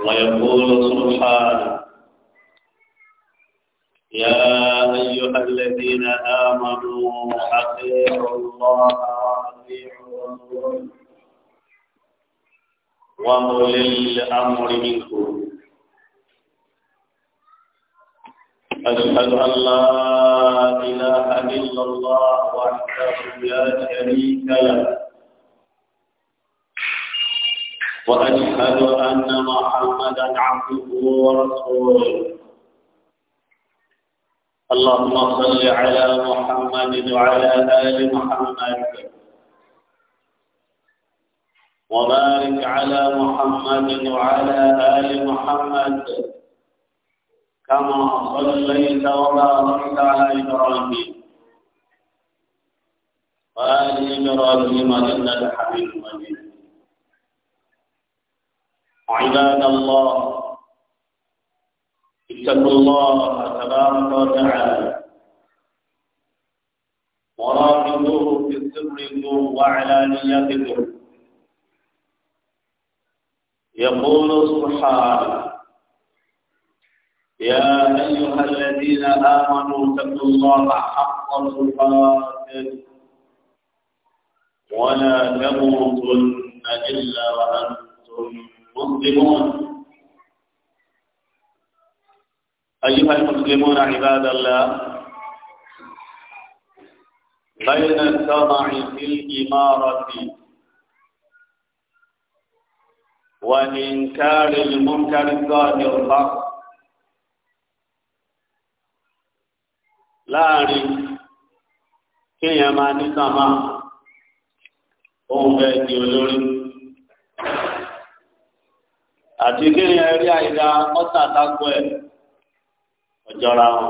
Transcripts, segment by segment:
ويقول سبحانه يا أيها الذين آمنوا أطيعوا الله وأطيعوا الرسول وأولي الأمر منكم أشهد أن لا إله إلا الله وحده لا شريك له وأشهد أن محمدا عبده ورسوله اللهم صل على محمد وعلى آل محمد وبارك على محمد وعلى آل محمد كما صليت وباركت على إبراهيم وآل إبراهيم إنك حميد مجيد عباد الله اتقوا الله تبارك وتعالى وراقبوه في سركم وعلانيتكم يقول سبحانه يا أيها الذين آمنوا اتقوا الله حق تقاته ولا تموتن إلا وأنتم مسلمون أيها المسلمون عباد الله بين السمع في الإمارة وإنكار المنكر الظاهر الحق لا أعرف كي ní sàmà ohun bẹ́ẹ̀ àti kíni ẹrí àyíká ọ̀tà tako ẹ̀ ọ̀jọ̀ra wọn.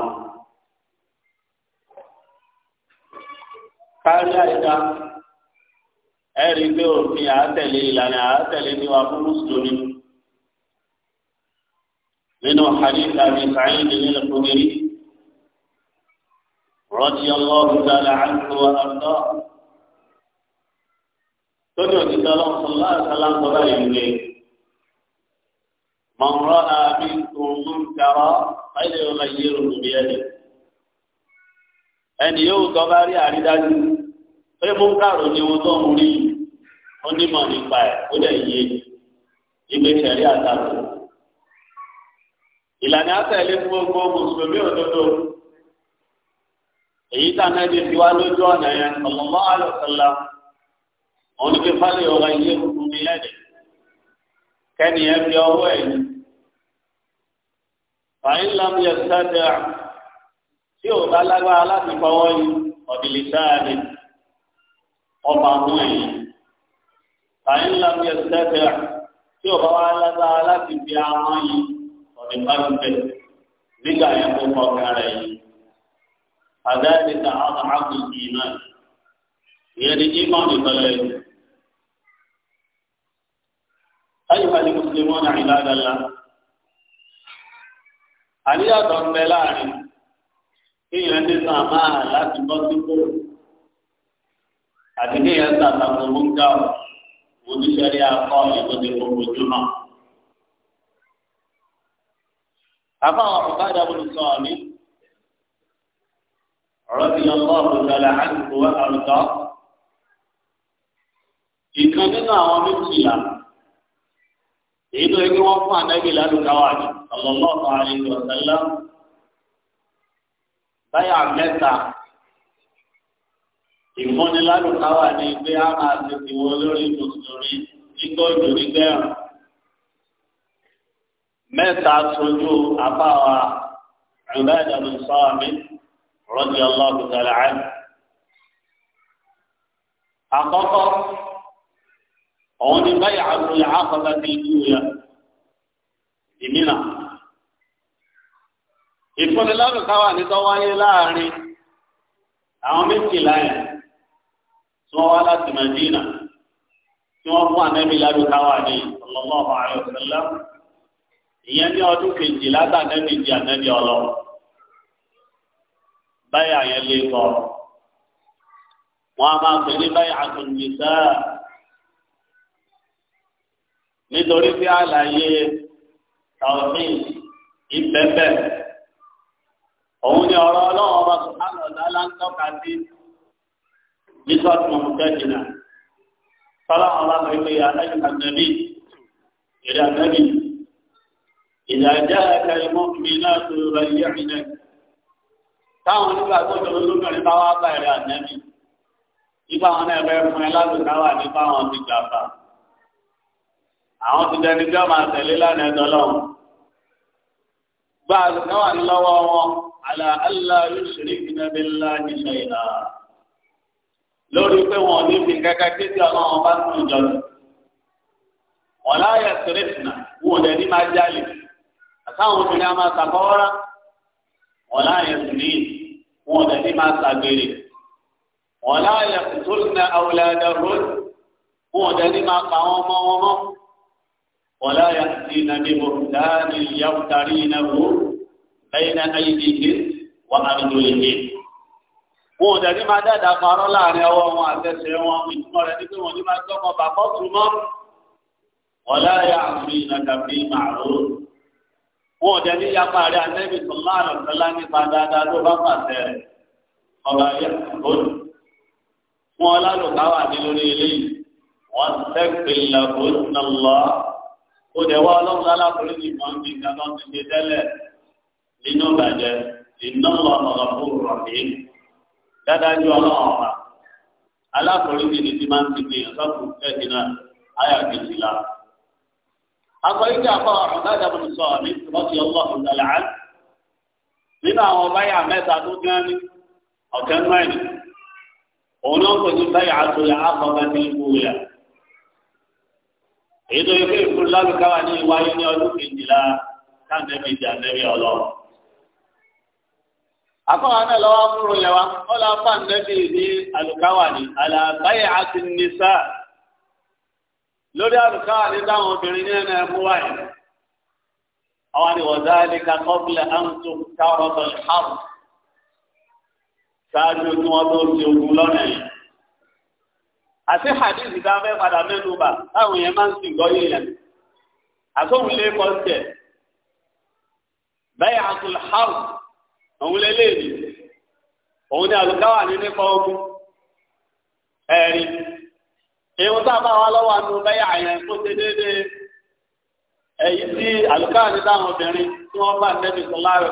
kárí àyíká ẹ̀rí pé òfin àátẹ̀lé ìlànà àátẹ̀lé ní wa fún mùsùlùmí. nínú hadith àbí sàyìn ní nílẹ̀ kúmírì rọ́tí ọlọ́run dáadáa àti wọn àtọ́. tóní òtítọ́ lọ́sọ̀lá àtàlà ń sọ báyìí nílé. من رأى منكم منكرا فليغيره بيده ẹni yóò tọ́ bá rí àrídájú pé múkàrò ni wọn tó ń rí onímọ̀ nípa ẹ̀ ó lè yé ìgbésẹ̀ rí àtàkùn ìlànà àtẹ̀lé fún gbogbo mùsùlùmí òdodo èyí tànà ibi tí wá lójú ọ̀nà yẹn sallallahu alaihi wasallam ní pé fálẹ̀ ọ̀rọ̀ ilé ìfúnni lẹ́dẹ̀ẹ́ kẹ́niyẹn fi ọwọ́ ẹ̀yìn fàyín lamu yẹ sáda tí o bá lágbára láti fọwọ́ yìí ọ̀dìlì sáàdì ọba mú ẹ̀yìn fàyín lamu yẹ sáda tí o bá wá lágbára láti fi ahọ́n yìí ọ̀dìlì pàṣẹ nígbà yẹn kó kọkàn rẹ̀ yìí àdáyé ta àwọn àkùnjì náà ìyẹn ni ìmọ̀ nìkan lẹ́yìn. أيها المسلمون عباد الله àríyá tó ń bẹ láàrin kéèyàn ní sàn máa láti bọ́ sípò àti kéèyàn sàtàkùn múńgà oníṣẹ́rí akọ́ ìtọ́jú gbogbo jùmọ̀. àbá àwọn bàbá ìdábòlù sọ mí ọ̀rọ̀ ti lọ bọ́ ọ̀gbọ̀dọ̀lẹ̀ àdìgbò àrùtọ́ ìkan nínú àwọn méjìlá èyí tó yẹ kí wọ́n fún ànábì lálùkáwà ní sallallahu alaihi wa sallam báyà mẹ́ta ìfúnnilálùkáwà ní pé a máa ti ti wọ lórí mùsùlùmí kíkọ́ ìdòrí gbẹ̀rún mẹ́ta sojú afáwa Ubadah bin Samit radiyallahu àkọ́kọ́ òun ni báyà àrùn àfọ̀gá ti ju ya ìmínà. ìfúnnilárùká wà ní tọ́wáyé láàrin àwọn méjìlá yẹn tí wọ́n wá láti Madina tí wọ́n fún ànábì lárùká wà ní sallallahu alaihi wasallam ìyẹn ní ọdún kejìlá tà ànábì di ànábì ọlọ́wọ́ báyà yẹn lé kọ́ wọn a máa pè ní báyà àtúndì sáà nítorí pé àlàyé tàwọnì ìbẹ́bẹ́ òun ni ọ̀rọ̀ ọlọ́run ọba sùhánù ọ̀dàlá ń tọ́ka sí nítorí mo tẹ́jìnà tọ́lá ọba sọ pé àlẹ́yìn àgbẹ̀bí ìrìn àgbẹ̀bí ìjà jẹ́ ẹ̀ka ìmọ̀ mi náà tó rẹ̀ yẹ̀ mí náà táwọn onígbà tó jọ lóbìnrin bá wá bá ẹ̀rẹ̀ àgbẹ̀bí nípa àwọn ẹ̀rẹ̀ fún ẹ láti káwà nípa àwọn ti gbà bá àwọn ti dẹni tí wọn máa tẹ̀lé lánàá ẹ̀dọ́ lọ́wọ́ gba àlùkáwà lọ́wọ́ wọn àlà àlà yusuf nàbí láàyè ṣẹ̀yìnà lórí pé wọn ò ní fi kankan kéde ọlọ́wọ́n bá tún ìjọ lọ wọn láàyè tẹ̀lẹ́sìnà wọn ò dẹni máa jálè àtàwọn obìnrin a máa sàkọ́wọ́rá wọn láàyè tẹ̀lẹ́ wọn ò dẹni máa sàgbèrè wọn láàyè tẹ̀lẹ́sìnà àwòlẹ́ àdàrú wọn ò dẹni máa pa àwọn ọmọ wọn mọ́. ولا يأتين ببهتان يفترينه بين أيديهن وأرجلهن wọn ò dẹ̀ni máa dáadáa parọ́ láàrin ọwọ́ wọn àtẹsẹ̀ wọn ìtumọ̀ rẹ̀ ní pé wọn ní máa gbọ́mọ bàbá tún mọ́ wọn láàyè àfi ìnàkàfi màrú. wọn ò yapa rẹ̀ anẹ́bí sọ̀lá àlọ́sọ̀lá nípa dáadáa tó bá pàṣẹ rẹ̀ ọba yẹ kóòtù. wọn lálùkáwà ní lórí eléyìí wọn tẹ́gbẹ̀ẹ́ lọ́kùnrin náà lọ́ọ́. ó dẹ̀ wá ọlọ́run lálákòóló ní ìmọ̀ ní ìgbà tó ń ti ṣe tẹ́lẹ̀ nínú ìbàjẹ́ iná lọ sọ̀rọ̀ fún rọ̀bì dádájú ọlọ́run ọ̀pá alákòóló ní ìdí máa ń ti gbé náà kejì la. akọ ìdí akọ ọ̀gájà bọ̀ sọ ní nínú àwọn báyà mẹ́ta tó gán ní ọ̀kẹ́ mẹ́rin òun náà kò ní báyà àtúnyà èyí tó yẹ kó ìkúrú lálùkáwà ní ìwáyé ní ọdún kejìlá káńtẹ́bí ìdí àtẹ́bí ọlọ́run. akọ́wà náà lọ́wọ́ múrò yẹn wa ó lọ fà nẹ́bí ní àlùkáwà ní àlàbáyé àti nìsá lórí àlùkáwà ní táwọn obìnrin ní ẹnà ẹ̀mú wáyé. àwọn ni wọ́n àǹtó káwọ́ tó ṣáàrù ṣáájú tí wọ́n tó ṣe ogun lọ́nà yìí. àti hadith ìdá fẹ́ padà mẹ́nu bà táwọn èèyàn máa ń sìn ya yẹn àtọ́hùn lé kọ́ńtẹ̀ bẹ́ẹ̀ àtúlhàrù òun lélẹ́ẹ̀dì òun ni àlùkáwà ní nípa ogun ẹ̀rí ìwọ̀n tá a bá wa lọ́wọ́ àánú bẹ́ẹ̀ àyẹ̀ ṣe déédéé èyí tí àlùkáwà ní táwọn obìnrin tí wọ́n bá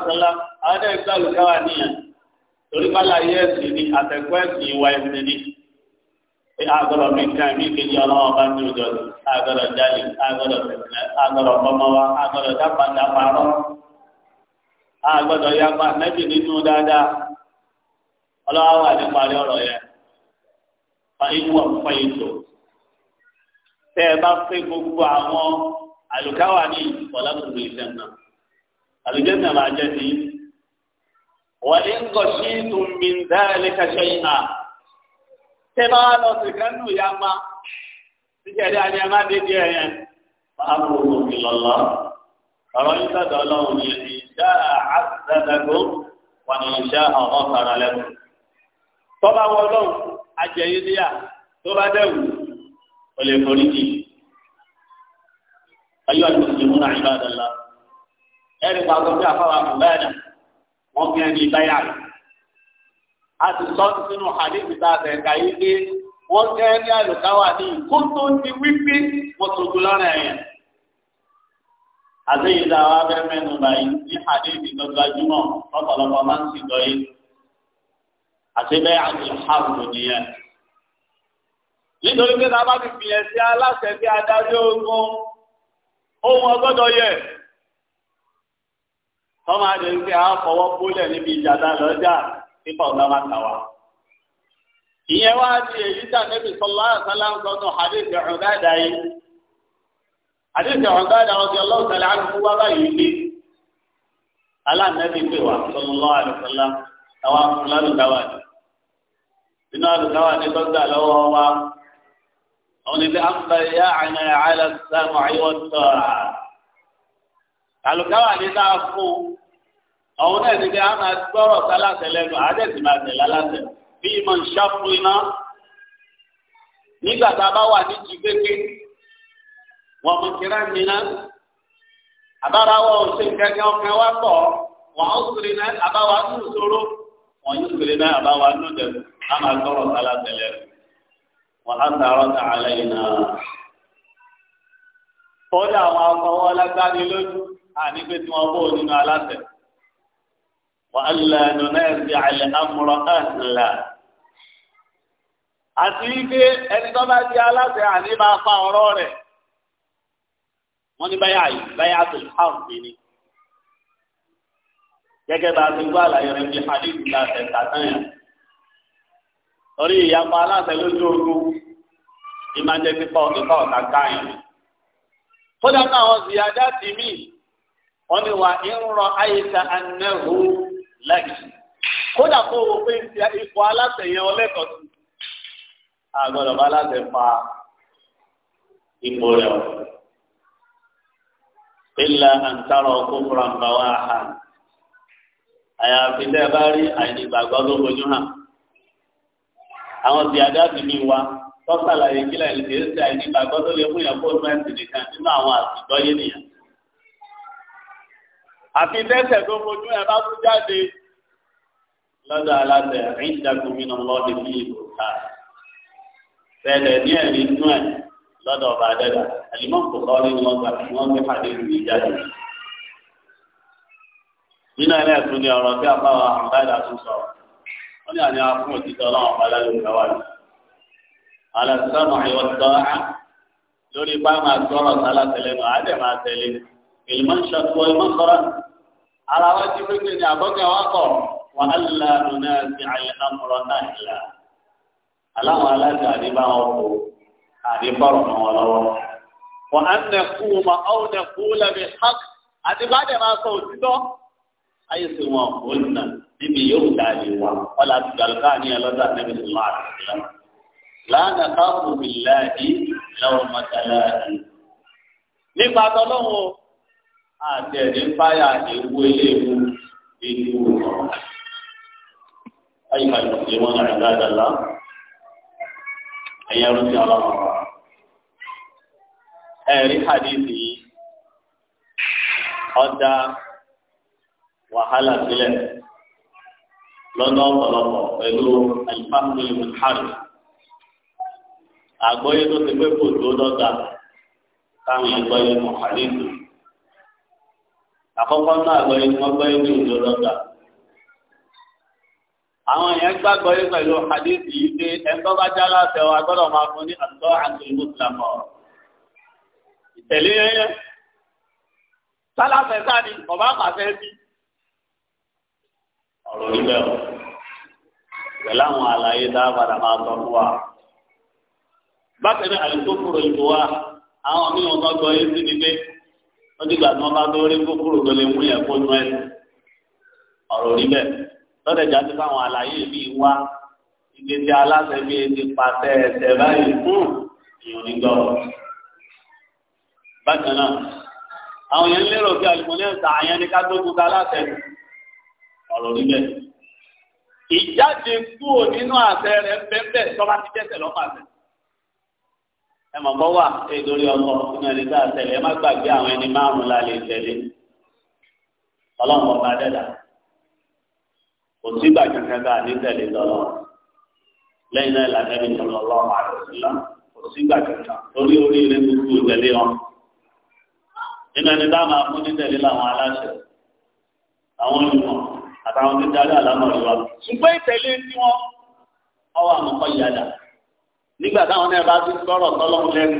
sọlá àwọn ẹ̀ka àlùkáwà nìyẹn ẹ̀sìn ni àtẹ̀kọ́ ẹ̀sìn ìwà ẹ̀sìn agbọ́dọ̀ mi kan mi kejì ọlọ́wọ́ bá ní ojú ọdún agbọ́dọ̀ jalè agbọ́dọ̀ tẹ̀sílẹ̀ agbọ́dọ̀ kọ́mọ́wá agbọ́dọ̀ dápàdápàrọ́ agbọ́dọ̀ yapa mẹ́jì nínú dáadáa ọlọ́wọ́ wà ní parí ọ̀rọ̀ yẹn fa ikú ọ̀fọ̀ ètò tẹ́ ẹ bá pé gbogbo àwọn àlùkáwà ní ìfọ̀lábùrù ìjẹ̀nà àlùjẹ̀nà máa jẹ́ sí wọ́n ń gọ̀ sí tùmí dáa yìí náà tẹ bá wà lọ sí kan nù ya ma tíkẹ́ dí adé ẹ má dé díẹ̀ yẹn máa bò wò mí lọ́lọ́ ọ̀rọ̀ yín sọ̀dọ̀ ọlọ́run yẹn ní ìṣá àtàdàgbò wà ní ìṣá ọ̀hún sara lẹ́nu. tọ́ba wọ ọlọ́run ajẹ́yé díyà tó bá dẹ̀wù ó lè forí jì. ayé wa ti sùn múra ìbàdàn la ẹ̀rí pàgọ́ bí afáwà kò bẹ́ẹ̀ dà wọ́n fi ẹni báyà rẹ̀ a sì sọ sínú àdébì tá a tẹ̀ka yìí pé wọ́n jẹ́ ní àlùkáwà ní kó tó ti wípé wọ́n tó dùn lọ́rọ̀ ẹ̀yẹn. àtẹ̀yìn tá a wá fẹ́ mẹ́nu báyìí ní àdébì tó gbajúmọ̀ lọ́pọ̀lọpọ̀ máa ń sì dọ̀ yìí. àtẹ̀bẹ́ àti ìhàbùrù nìyẹn. nítorí pé tá a bá ti fìyẹn sí aláṣẹ bí adarí ogun ohun ọgọ́dọ̀ yẹ tọ́mọ adé ń pè á fọwọ́ bólẹ̀ níbi ìjà tá a lọ́jà nípa ọ̀nà máa tà wá. ìyẹn wá di èyí tí ànábì sọlá àṣálá ń sọ nù hadith Ubadah yìí hadith Ubadah radiyallahu ta'ala anhu wá báyìí ní alánàbì pé wà sallallahu alaihi wasallam àwọn afúnlánù dáwà ní inú àlùkáwà ní tọ́jà lọ́wọ́ wa àwọn ní bí àmbá àná àlàsàmù àyíwọ́ tọ́ra àwọn náà ní bí a máa gbọ́rọ̀ sálàsẹ̀ lẹ́nu àádẹ́sì máa tẹ̀lé aláṣẹ bí ìmọ̀ ìṣàfùn iná nígbà tá a bá wà ní ju kéke wọn mọ kíra mìíràn àbára wa ò ṣe kẹkẹ ọkàn wa pọ̀ wọn ó sèré náà àbáwa ń sòrò wọn yóò sèré náà àbáwa ń dẹ̀rù a máa gbọ́rọ̀ sálàsẹ̀ wọn á sàrọ̀ sàlẹ̀ yìí náà kódà àwọn akọwọ́ lágbára lójú àní pé tí wọ́n bó nínú aláṣẹ wàhálà nùnẹ́ẹ̀sì àlẹ́ amúrọ̀ ẹ̀hìnlá. àti ike ẹni tó bá di aláṣẹ àní máa fa ọ̀rọ̀ rẹ̀. wọ́n ní báyà yìí báyà tó hàùbí ni. gẹ́gẹ́ bá a ti gbọ́ àlàyé rẹ̀ bí hadith la tẹ̀sà torí ìyapa aláṣẹ lójú ogun ni máa jẹ́ pípa ìpa ọ̀tá káyìn. kódà náà wọ́n ti yájá tì mí. wọ́n ní wà ń rọ àyíká anẹ́hùn lẹ́yìn kódà kó o pé ipò aláṣẹ yẹn ọlẹ́kọ̀ọ́ sí àgọ́dọ̀ bá aláṣẹ fa ipò rẹ̀ o ilà àǹtarọ̀ kófúra ń bá wá hà àyàfi tẹ́ ẹ bá rí àìnígbàgbọ́ tó fojú hàn àwọn tí adáàbí mi wá tọ́sàlàyé kílẹ̀ ní kìí ṣe àìnígbàgbọ́ tó lè mú ìyàpọ̀ mẹ́sì nìkan nínú àwọn àtijọ́ nìyẹn àfi tẹ́sẹ̀ tó fojú ẹ̀ bá tún jáde lọ́dọ̀ aláṣẹ ìdàgbòmínà lọ́dẹ bí ìbò ká sẹlẹ̀ ní ẹ̀rí inú ẹ̀ lọ́dọ̀ ọba àdẹ́dà àlìmọ́ kò kọ́ ní wọn gbà tí wọ́n gbé pàdé ìlú ìjáde. nínú ẹ̀rẹ́ ẹ̀sùn ni ọ̀rọ̀ tí àbáwọ̀ àbáyà tún sọ wọ́n ní àní afún òtítọ́ ọlọ́run ọba lálùkà wà ní. alàtúntà mọ̀ ẹ̀yọ́ lórí bá máa gbọ́rọ̀ المنشط والمخرج على وجه فكر أبقى وأقر وألا ننازع الأمر أهلا ألا ولا تعرفه تعرفه ولو وأن نقوم أو نقول بالحق àti bá dẹ̀ máa sọ òtítọ́ àyèsí wọn kò nà níbi yóò dá lè wà ọ̀là àtìgbàlùkà ní ẹlọ́dà níbi tó máa rẹ̀ sílẹ̀. lánàá káàbù bìláàdì lọ́wọ́ mọ́tàláàdì. nípa tọ́lọ́wọ́ àti ẹ̀dín fáyà ewu eléwu ewu ọ̀rọ̀. ayiwa ìdílé wọn náà ẹ̀dá dàlá ẹ̀yẹ rúti ọlọ́run ọ̀rọ̀. ẹ̀rí hadithi yìí ọ̀dà wàhálà sílẹ̀ lọ́dọ̀ ọ̀pọ̀lọpọ̀ pẹ̀lú alifásitì ìmùtárì. àgbọ̀yé tó ti pé kò tó dọ́gba táwọn ẹgbẹ́ yẹn mọ̀ hadithi àkọ́kọ́ náà àgbọ̀yé ni wọ́n gbọ́yé ní òjò lọ́gbà. àwọn èèyàn gbàgbọ́ yé pẹ̀lú hadith yìí pé ẹ̀ńtọ́ bá já láti ọ agbọ́dọ̀ máa fún ní àtọ́ àti ìmúsùlámọ̀. ìtẹ̀lé yẹn sálàfẹ́ sáni ọba àpàfẹ́ bí. ọ̀rọ̀ níbẹ̀ o pẹ̀lú àwọn àlàyé tá a padà máa sọ fún wa. bákan náà àlùkò kúrò ìlú wa àwọn mí wọ́n ti gbà tí wọ́n bá tó rí kúkúrú tó lè mú yẹn kó nu ẹ̀ ọ̀rọ̀ rí bẹ́ẹ̀ lọ́dẹ̀jà ti fáwọn àlàyé mi wá ibi tí aláṣẹ bí ti pàṣẹ ẹsẹ̀ báyìí fún hmm. èèyàn nígbà wọn. bákan náà àwọn yẹn lérò pé àlùmọ́lẹ́ ń ta àyẹn ní ká tó kú ká aláṣẹ ọ̀rọ̀ rí bẹ́ẹ̀. ìjáde kúrò nínú àṣẹ rẹ̀ bẹ́ẹ̀ bẹ́ẹ̀ tọ́ba ẹ mọ̀ bọ́ wà ṣe lórí ọkọ̀ nínú ẹni tá a tẹ̀lé ẹ má gbàgbé àwọn ẹni márùn-ún la lè tẹ̀lé ọlọ́run ọba dẹ́dà kò sí ìgbà kankan tá a ní tẹ̀lé lọ́lọ́ lẹ́yìn náà ìlànà ẹni tó lọ́lọ́ àròsílá kò sí ìgbà kankan lórí oríire gbogbo tẹ̀lé wọn nínú ẹni tá a máa fún ní tẹ̀lé làwọn aláṣẹ àwọn olùmọ̀ àtàwọn tó darí àlámọ̀ ìwà ṣùgbọ́n ìtẹ̀lé tiwọn ọwọ́ àmọ́kọ́ yàdà nígbà táwọn náà bá ti gbọ́rọ̀ tọ́lọ́hún lẹ́nu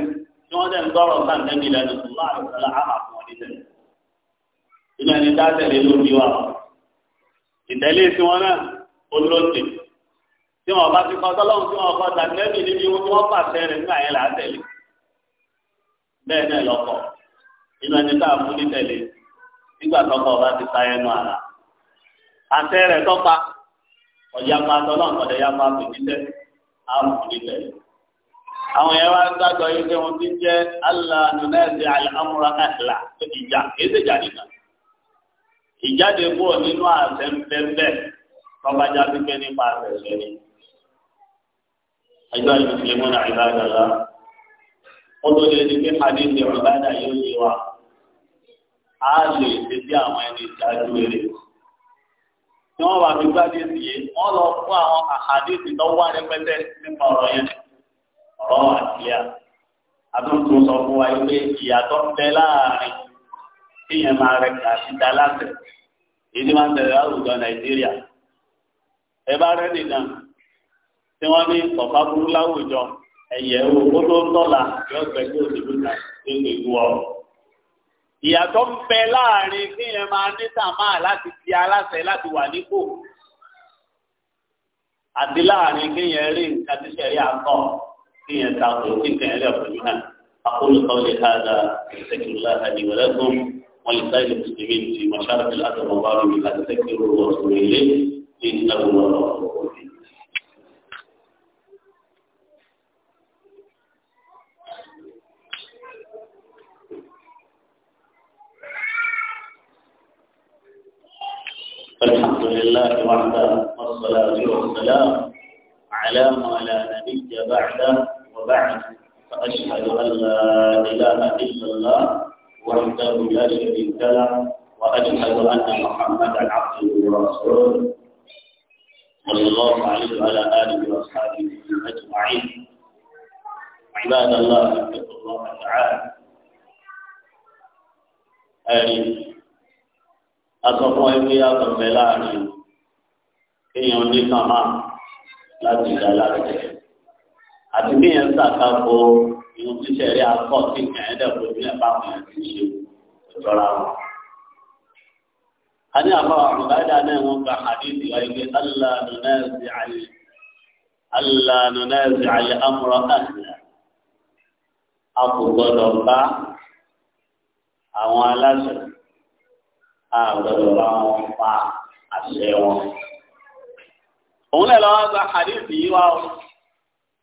tí wọ́n dẹ̀ ń gbọ́rọ̀ sáńtẹ́mì lẹ́nu tó láàrín ọ̀la àmà fún wọn nílẹ̀. ìlú ẹni tá tẹ̀lé lórí wa ìtẹ̀lé tí wọ́n náà ó lóde tí wọ́n bá ti kọ́ tọ́lọ́hún tí wọ́n kọ́ sáńtẹ́mì níbi wọn tí wọ́n pàṣẹ rẹ̀ nígbà yẹn là á tẹ̀lé. bẹ́ẹ̀ náà lọ́kọ̀ ìlú ẹni tá fún nítẹ̀lé nígbà tọ́kọ̀ bá ti sáyẹ́ nù àlà àṣẹ àwọn yẹn wá ń gbàgbọ́ yìí pé wọ́n ti jẹ́ allah nunẹ́ẹ̀sì alamura ahla ìjà èsì ìjà nìkan ìjáde kúrò nínú àṣẹ ńpẹ́ńpẹ́ tọ́bajá pípẹ́ nípa àṣẹṣẹ ni. ẹjọ́ ìmùsùlùmí náà ìbáraẹ̀lá ó tó lè di pé hadith ìrọ̀lẹ́dà yóò ṣe wá a lè ṣe bí àwọn ẹni ìṣáájú eré tí wọ́n wà fi gbádùn sí yìí wọ́n lọ fún àwọn àhàdí ìtọ́wá ọ̀rọ̀ àtìlẹ́à àtúntò sọ fún wa pé ìyàtọ̀ ń bẹ láàrin kéèyàn máa rẹ kàṣídà láṣẹ èyí tí máa ń tẹ̀lé àwùjọ nàìjíríà ẹ bá rẹ nìkan tí wọ́n ní ọ̀pá burú láwùjọ ẹ̀yẹ̀ wo ó tó ń tọ́la yóò gbẹ kí òṣèlú náà ṣe lè wú ọ. ìyàtọ̀ ń bẹ láàrin kéèyàn máa ní sàmà láti di aláṣẹ láti wà nípò àti láàrin kéèyàn rí nǹkan tí sẹ̀rí àtọ̀. هي تعطي تلك علاقة أقول قولي هذا أستغفر الله لي ولكم ولسائر المسلمين في مشارق الأرض والمغارب أستغفره وأتوب إليه إنه هو الغفور الحمد لله وحده والصلاة والسلام على ما لا نبي بعده وبعد فأشهد أن لا إله إلا الله وحده لا شريك له وأشهد أن محمدا عبده ورسوله صلى الله عليه وعلى آله وأصحابه أجمعين عباد الله اتقوا الله تعالى أي أصبحوا إياكم بلاغي كي يوم láti ìdá láti tẹ̀lé. àti bí yẹn ń sàkàkọ ìhun tíṣẹ̀ rí akọ́ tí kẹ̀yìn dẹ̀kọ́ bí ẹ̀ bá wọn yẹn ti ṣe ìjọra wọn. a ní àbáwọ̀ àbúdájà náà wọ́n gba àdéhùn ìwà ìgbé alánùnáàzì àlè amúrọ̀ àná a kò gbọdọ̀ bá àwọn aláṣẹ a gbọdọ̀ bá wọn pa àṣẹ wọn òun lè lọ́wọ́ gba hadith yìí wá o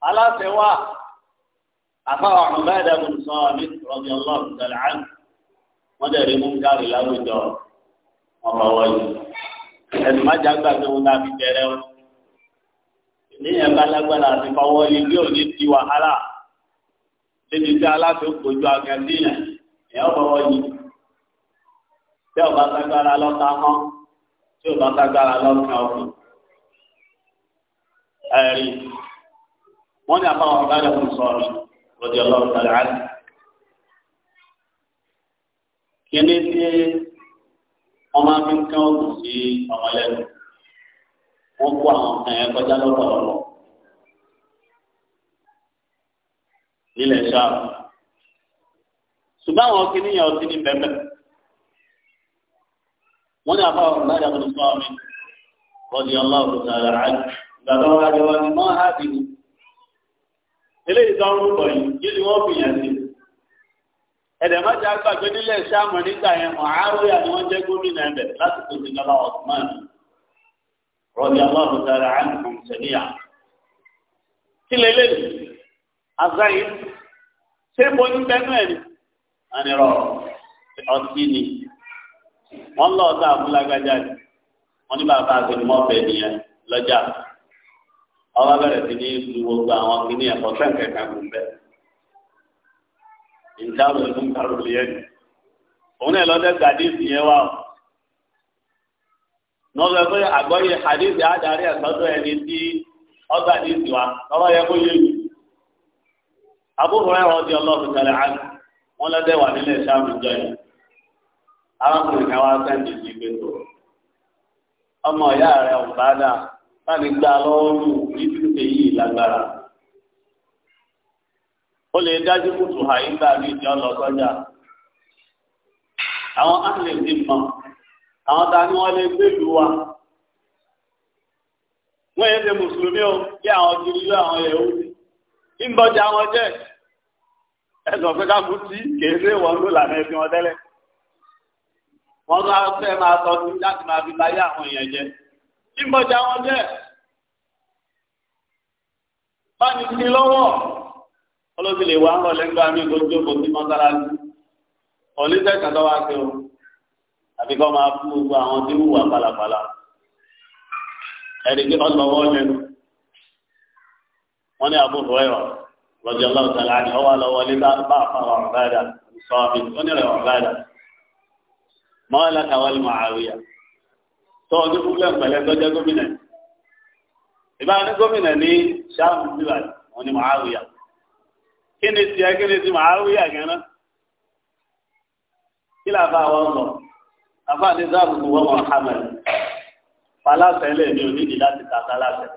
aláṣẹ wà àfáwọn ọ̀nàmọ́ ẹ̀dẹ́gun sọ ní rọ́bì ọlọ́run tẹ̀lé àná wọ́n dẹ̀ rí mú kárí láwùjọ wọn bá wọlé ẹ̀sùn má já gbàgbé wọn láti bẹ̀rẹ̀ wọn níyẹn bá lágbára àti fọwọ́ yìí bí òní ti wàhálà níbi tí aláṣẹ òkòjú akẹ́kẹ́ yẹn fọwọ́ yìí tí ọba sagbára lọ́ta mọ́ tí ọba sagbára lọ́ta ọkùnrin ẹ̀rí wọ́n ní àbáwọn ọ̀gáyà fún sọ̀rọ̀ lọ́dí ọlọ́run tàbí àlè. kíní tí wọ́n máa fi ń kẹ́ ọ̀gùn sí ọmọlẹ́nu wọ́n kó àwọn kan yẹn kọjá lọ́pọ̀lọpọ̀ nílẹ̀ ṣáà ṣùgbọ́n àwọn kíní yẹn ọtí ní bẹ́ẹ̀ wọ́n ní àbáwọn ọ̀gáyà fún sọ̀rọ̀ lọ́dí ọlọ́run tàbí àlè bàbá wa jọ wa ni mọ́ àbí ni eléyìí tó ń rúbọ yìí kí ni wọ́n fi yàn sí ẹ̀dẹ̀ má jẹ́ àgbàgbé nílẹ̀ sáàmù nígbà yẹn mọ̀ àárọ̀yà ni wọ́n jẹ́ gómìnà ẹ̀bẹ̀ láti kò sí lọ́la ọ̀túnmáà rọ̀bì aláàbò dára á nìkan sẹ́níyà kí lélẹ́yìn azáyé ṣé mo ń bẹnu ẹ̀ ni ànírọ̀ ọtí ni wọ́n lọ́ọ́ tá àbúlágájá ni wọ́n ní bàbá àgbẹ̀ mọ́ọ̀fẹ́ nìyẹn lọ́jà ọba bẹ̀rẹ̀ sí ní lu gbogbo àwọn kìíní ẹ̀kọ́ sẹ́ǹkẹ̀ kan kù bẹ́ẹ̀. ìjáàbọ̀ ló ń karò lé ẹ̀yìn. òun náà lọ́dẹ gàdíìsì yẹn wà ó. nọ́ọ̀sẹ̀ pé àgbọ̀yé àdíìsì adarí ẹ̀sọ́dọ̀ ẹni tí ọgbà àdíìsì wa lọ́wọ́ yẹ kó yé mi. àbúrò rẹ̀ ọdí ọlọ́run tẹ̀lé á wọn lọ́dẹ wà nílẹ̀ sáàmù jọ yẹn. arákùnrin kan wá sẹ́ǹdì sí gbé tó. ọmọ ìyá rẹ̀ láti gbà lọ́wọ́ lù nítorí èyí lágbára. ó lè dájú kùtù àyè gbà bí ìjọ lọ sọ́jà. àwọn áńlẹ̀ ti mọ̀ àwọn ta ni wọ́n lè gbèlú wa. wọ́n yẹn ṣe mùsùlùmí o bí àwọn kìrìlú àwọn yẹ̀wò ní ìbọjà wọn jẹ́ ẹ̀sọ̀ pé ká mú tí kèé ṣe wọ́n ló lànà ẹ̀sìn wọn tẹ́lẹ̀. wọ́n tún á fẹ́ máa sọ sí láti máa fi láyé àwọn èèyàn jẹ́ ìmọ̀jà wọn jẹ́ báni ti lọ́wọ́ ọlọ́sì lè wá ọ̀lẹ́ ń gbá mi kó jókòó sí mọ́sálásí ọ̀lẹ́sẹ̀ kan tó wá sí o àbí kọ́ máa fún gbogbo àwọn tí wùwà pálapàla ẹ̀rí kí ọlọ́wọ́ lẹ́nu wọ́n ní àbúrò ẹ̀rọ lọ́jọ́ lọ́sẹ̀ ni ọwọ́ lọ́wọ́ lé bá àfa wà ọ̀gáàdà ó ní rẹ̀ ọ̀gáàdà mọ́ tó ọdún fúlẹ̀ pẹ̀lẹ́ tó jẹ́ gómìnà ìbá ní gómìnà ní sáàmù bíbà wọn ni màáwìyà kí ni tiẹ̀ kí ni ti màáwìyà gẹ́nà kí là bá wọn lọ àfa ní sáàmù tó wọ́n wọn hàmẹ́lì faláfẹ́ lè ní onídìí láti tàkà láfẹ́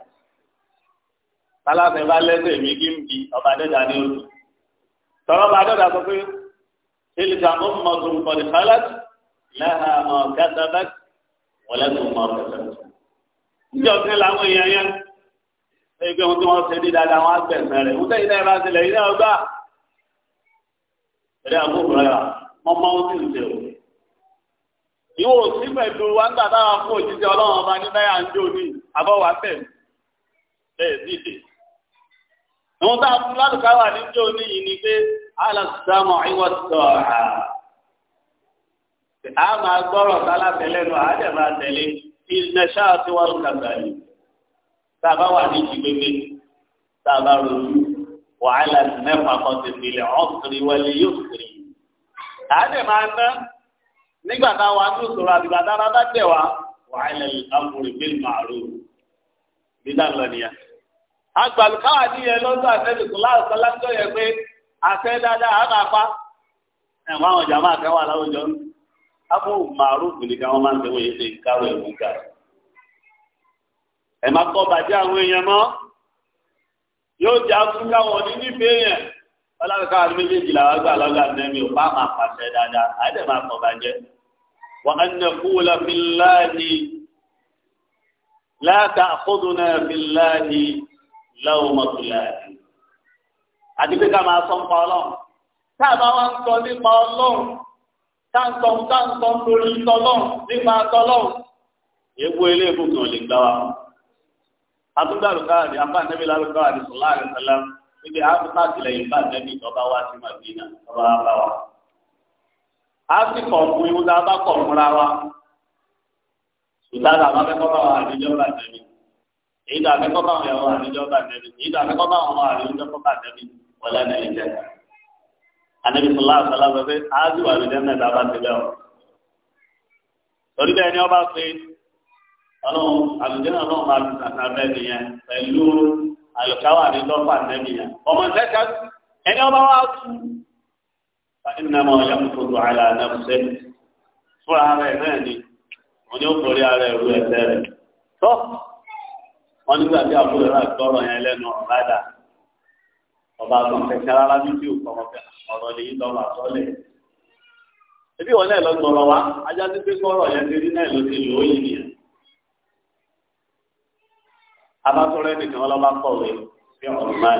faláfẹ́ bá lẹ́sẹ̀ mi kí n bi ọba dẹ́ta ní oṣù tọ́lọ́ bá dẹ́ta sọ pé tilka ummatun qad khalat laha ma kasabat wa ọ̀sẹ̀sẹ̀. Ní ọ̀sẹ̀ làwọn èèyàn yẹn ṣe pé ohun tí wọ́n ṣe ní dáadáa wọn rẹ̀. Mo tẹ́yìn náà bá àbúrò rẹ̀ wọ́n máa ń ṣe pẹ̀lú wa ń gbàdá wa fún ọlọ́run ọba ní náírà ń jó ní Bẹ́ẹ̀ Ìwọ̀n tá a fún ní jó ní yìí ni pé ìwọ̀ sọ̀rọ̀. ìnẹṣà àti wọn kàgbà yìí tá a bá wà ní ìgbégbé tá a bá rojú wàhálà mẹ́fà kan ti fìlẹ̀ ọ̀sìrì wọlé yóò sìrì. àádé máa ná nígbà táwa tó sọ̀rọ̀ àdìgbà dára bá tẹ̀ wá wàhálà amúrin bíi màálù dídá lọ nìyẹn. agbàlùkáwà níyẹn lọ́dún àtẹ́lẹ̀kùn láàrúkọ lájọ́ yẹn pé àtẹ́ dáadáa àbàpá ẹ̀wọ̀n àwọn jàmáà kẹwàá láwùjọ ábò màrúfù nìkan wọn máa ń tẹwọ́ yìí ṣe káwé ìwọ̀n ga ẹ̀ má kọ́ bàjẹ́ àwọn èèyàn mọ́ yóò jẹ́ àtúnyà wọ̀ ní nífẹ̀ẹ́ yẹn ọlọ́kàkà àwọn méjèèjì làwọn gbà lọ́gà nẹ́mi ò bá máa pàṣẹ dáadáa àdè máa kọ́ bàjẹ́ wà á nà kúlà bíláàdì láàkà àkóso náà bíláàdì láwọn mọ̀tòláàdì àti pé ká máa sọ ń pa ọlọ́run táà bá wá ń sọ nípa ọlọ́run táǹtọ̀ táǹtọ̀ lórí tọ́lọ́ nípa tọ́lọ́ ewu eléèbù kan lè gbá wa atúndàlù káàdì apá nẹ́bí lálùkọ́ káàdì sọ̀lá àrẹ sọ̀lá níbi áfíríkà tìlẹ̀yìn bá nẹ́bí ọba wa sí màdínà ọba wa bá wa. áfíríkà ọ̀gbìn ìwú la bá kọ̀ fúnra wa ìdáàdà àwọn akẹ́kọ̀ọ́ bá wà níjọ́ bá nẹ́bí èyí dà akẹ́kọ̀ọ́ bá wà níjọ́ bá nẹ́bí èyí dà bá wà níjọ́ bá nẹ́bí wọlé nẹ́bí jẹ́ anabi sọlá àṣàlá sọ pé ájú wà lóde ẹ̀nà ìdábà sílẹ̀ o. torí bẹ́ẹ̀ ni ọba pé ọlọ́run àlùjẹ́ náà náà máa ti sàkà bẹ́ẹ̀ nìyẹn pẹ̀lú àlùkáwà ní lọ́fà nẹ́nìyẹn. ọmọ ìṣẹ́ka ẹni ọba wa tú. fàínàmọ́ yàtúntò àlà nàfṣẹ́ fúra rẹ̀ náà ni wọ́n ní ó torí ara ẹ̀rú ẹ̀sẹ̀ rẹ̀. tọ́ wọ́n nígbà tí àbúrò rẹ̀ àti ọ̀rọ̀ yẹn lẹ́nu ọ̀rọ̀ ọba àgbọn kẹkẹ rárá bí tí òkú ọmọ ọ̀rọ̀ lèyí lọ́wọ́ àtọ́lẹ̀. ebi wọn náà lọ sọ̀rọ̀ wa ajá tí pé kọ́rọ̀ yẹn ti rí náà ló ti lò ó yìí nìyẹn. abátúrẹ́ nìkan ọlọ́ba kọ̀wé sí ọ̀rọ̀ náà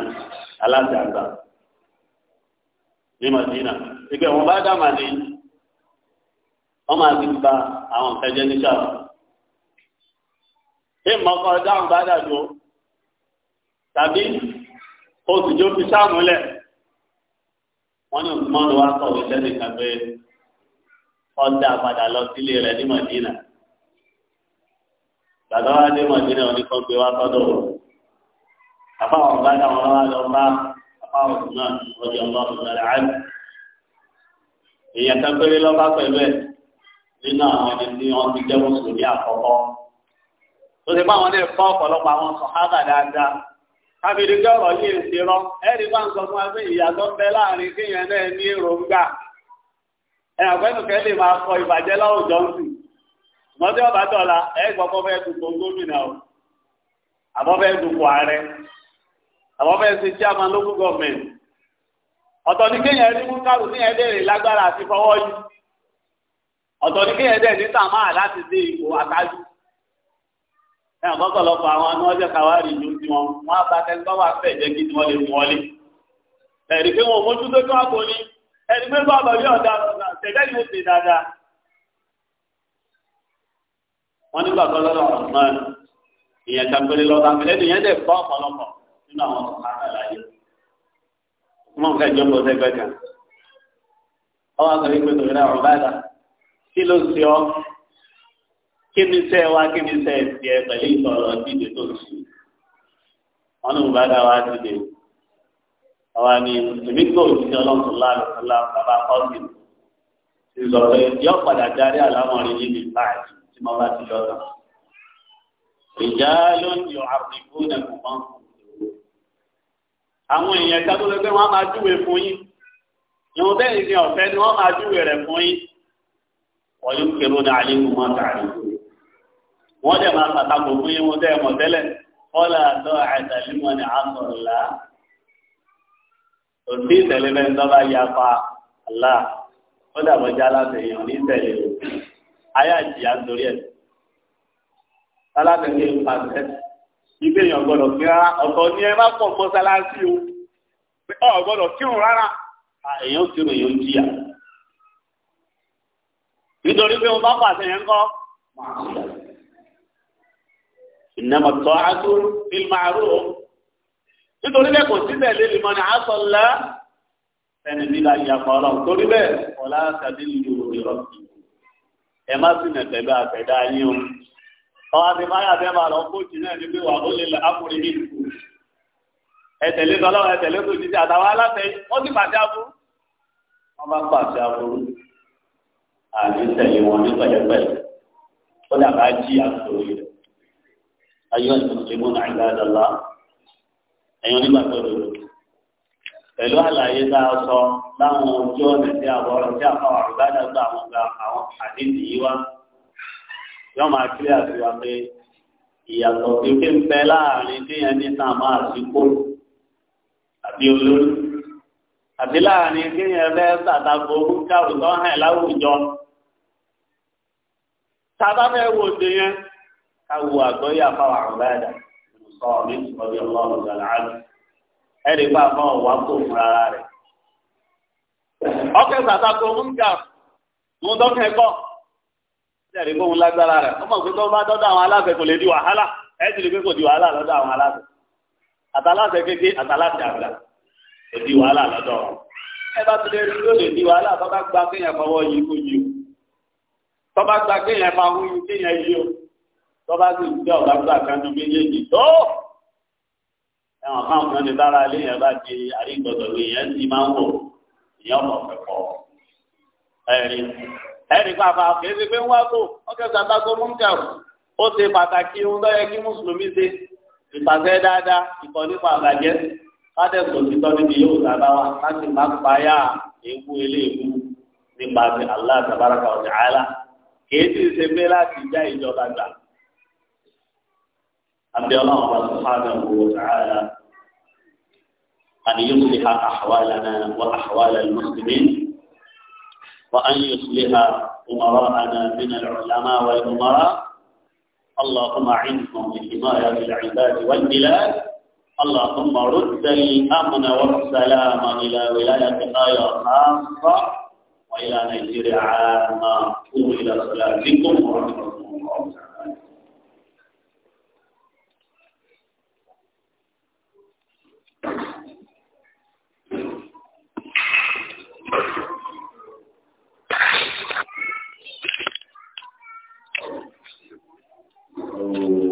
aláṣẹ àgbà ní Madina ìgbẹ́ wọn bá dá màdí wọ́n máa ti gba àwọn ìfẹ́jẹ́ ní sáà. ṣé mọ́kọ́ dáhùn bá dàdúró tàbí oṣù tó fi sáàmúlẹ̀ wọ́n ní òṣùmọ́nù wa sọ̀rọ̀ sẹ́nìkan pé ọ̀dà padà lọ sílé rẹ̀ ní Mọ̀dínà gbàgbọ́ wa dé Mọ̀dínà oníkan pé wá sọ́dọ̀ wọ̀ àfáwọn ọ̀gá táwọn ọlọ́wà lọ bá àfáwọn ọ̀sùnà ọjọ́ ọlọ́run lọ́la áàlù èèyàn kan péré lọ́ba pẹ̀lú ẹ̀ nínú àwọn ẹni tí wọ́n ti jẹ́ mùsùlùmí àkọ́kọ́ tó ti bá wọn lè fọ́ ọ̀pọ̀lọpọ̀ àwọn sọ̀hádà dáadáa kábìrì gbé ọ̀rọ̀ yìí ń ṣe rọ ẹ̀rí bá ń sọ fún wa ìyàtọ̀ ń bẹ láàrin kéèyàn náà ní èròǹgbà lè máa kọ ìbàjẹ́ láwùjọ ń sìn mọ́tí ọba dọ̀la ẹ̀ gbọ́kọ́ fẹ́ gómìnà o àbọ̀ fẹ́ ààrẹ àbọ̀ fẹ́ ṣe ọ̀tọ̀ kéèyàn rí mú kárù ní ẹ̀dẹ́rẹ̀ lágbára àti fọwọ́ yìí ọ̀tọ̀ kéèyàn dẹ̀ ní tàmáà láti dé ẹ àkọkọlọpọ àwọn àni wọn jẹ kàwárì ju ti wọn wọn á bá tẹni tó wà fẹ́ jẹ kí wọn lè mú wọlé ẹrí pé wọn ò mójú tó tó àpò ní ẹni pé bá bàbí ọ̀dà tẹ̀lé ni mo ṣe dáadáa. wọ́n nígbà tó lọ́dọ̀ ọ̀sán ìyẹn tàbílẹ̀ lọ́dọ̀ àmìlẹ́ ìyẹn dẹ̀ bọ́ ọ̀pọ̀lọpọ̀ nínú àwọn ọ̀sán àlàyé. wọ́n fẹ́ kí ni sẹ́ wá kí ni sẹ́ tiẹ̀ pẹ̀lú ìtọ̀rọ̀ dídè tó ń sùn wọn ní bàbá wa dídè àwa ni èmi kò sí ọlọ́run láàrín ọ̀la bàbá kọ́sì ti sọ pé yọ padà darí àlámọ̀rin yìí ní báyìí tí mo bá ti lọ́dọ̀ ìjà ló ń yọ àbùkù náà mọ́ àwọn èèyàn kan tó lọ pé wọ́n máa júwe fún yín ìwọ̀n bẹ́ẹ̀ ni ọ̀fẹ́ ni wọ́n máa júwe rẹ̀ fún yín wọ́n yóò kéré ní alẹ́ kò mọ́ tààrí fún wọ́n dẹ̀ máa pàtàkì fún yín wọ́n dẹ̀ mọ̀ tẹ́lẹ̀ kọ́lá àtọ́ àtàlímọ̀ ni a sọ̀rọ̀ là á. òsì ìtẹ̀lé bẹ́ẹ̀ ń dọ́gba ya pa àlá ó dàbọ̀ já láti èèyàn ní ìtẹ̀lé o ayé àjìyà torí ẹ̀. sálátẹ̀lé ń pàṣẹ ibẹ̀ èèyàn gbọ́dọ̀ fi rárá ọ̀tọ̀ ni ẹ má pọ̀ pọ̀ sálásí o ọ̀ gbọ́dọ̀ kírun rárá èèyàn kírun èèyàn jìyà nítorí pé mo bá pàṣẹ yẹn kọ́ إنما tọ́ àtò ìmàrò nítorí bẹ́ẹ̀ kò sí tẹ̀lé ìmọ̀ ní àsọ̀lá ẹni nílà ìyàpọ̀ ọlọ́run torí bẹ́ẹ̀ ọ̀la tàbí ìlú ìrọ̀ ẹ má sì nà tẹ̀lé àtẹ̀dá yín o ọ̀hún àti máyà bẹ́ẹ̀ máa lọ kóòtù náà ní pé wà ó lè ákùnrin yìí kù ẹ tọ́lọ́ ẹ tó jíjẹ àtàwọn aláfẹ́ wọ́n sì pàṣẹ aburú wọ́n bá pàṣẹ aburú àti tẹ̀lé wọn nípa ẹgbẹ́ ó dàbá jí àtòyè ayọ́ ìmọ̀lẹ́mọ́ náà ìgbàdàlá ẹ̀yọ́ nígbà tó lò pẹ̀lú àlàyé tá a sọ láwọn ojú ọ̀nà tí a bọ̀ tí a fáwọn àrùbádà gba àwọn gba àwọn àdéhùn yìí wá yọ máa kílẹ̀ àti wá pé ìyàtọ̀ pípé ń bẹ láàrin téèyàn ní sàmà àti kó àti olórí àti láàrin téèyàn fẹ́ sàtàkó káwùtọ́ hàn láwùjọ. tá wo ṣe yẹn káwọ àgbọ́yà fáwọn àgbáyà sọ mí ọdí ọlọ́run sọlá àlù ẹnì pa àmọ́ wà kó fún ara rẹ̀. ọkẹ́ sàtàkọ múnkà mú dọ́kẹ́ kọ́ jẹ́rìí fóun lágbára rẹ̀ ọmọ òfin tó bá dọ́dọ̀ àwọn aláṣẹ kò lè di wàhálà ẹ̀ sì kò di wàhálà lọ́dọ̀ àwọn aláṣẹ àtàláṣẹ kéke àtàláṣẹ àgbà kò di wàhálà lọ́dọ̀ ẹ bá tilẹ̀ ló lè di wàhálà tọ́ gba kéèyàn fọwọ́ yìí kó yìí o tọ́ gba kéèyàn fọwọ́ yìí kéèyàn yìí o tọ́ba sì ń jẹ́ ọ̀gá gbà kan ní méjèèjì tó ẹ̀wọ̀n kan kan ní lára ilé yẹn bá di àrígbọ̀dọ̀ lè yẹn ti máa ń wò ìyẹn ọ̀pọ̀ pẹ̀pọ̀ ẹ̀rí ẹ̀rí pàpà kéde pé ń wá kó wọ́n kẹ́ sàtàkó múntẹ̀ ó ṣe pàtàkì ohun tó yẹ kí mùsùlùmí ṣe ìpàṣẹ dáadáa ìkọ̀ nípa àgbàjẹ́ kádẹ́sọ̀ títọ́ níbi yóò sábà wá láti má payá ewu eléwu nípa ti Allah tabaraka wa ta'ala kèé sì ṣe pé láti já ìjọba gbà أبي الله سبحانه وتعالى أن يصلح أحوالنا وأحوال المسلمين وأن يصلح أمراءنا من العلماء والأمراء اللهم أعنهم بحماية العباد والبلاد اللهم رد الأمن والسلام إلى ولاية آية خاصة وإلى نيجيريا عامة قوموا إلى صلاتكم ورحمة الله ọ̀rọ̀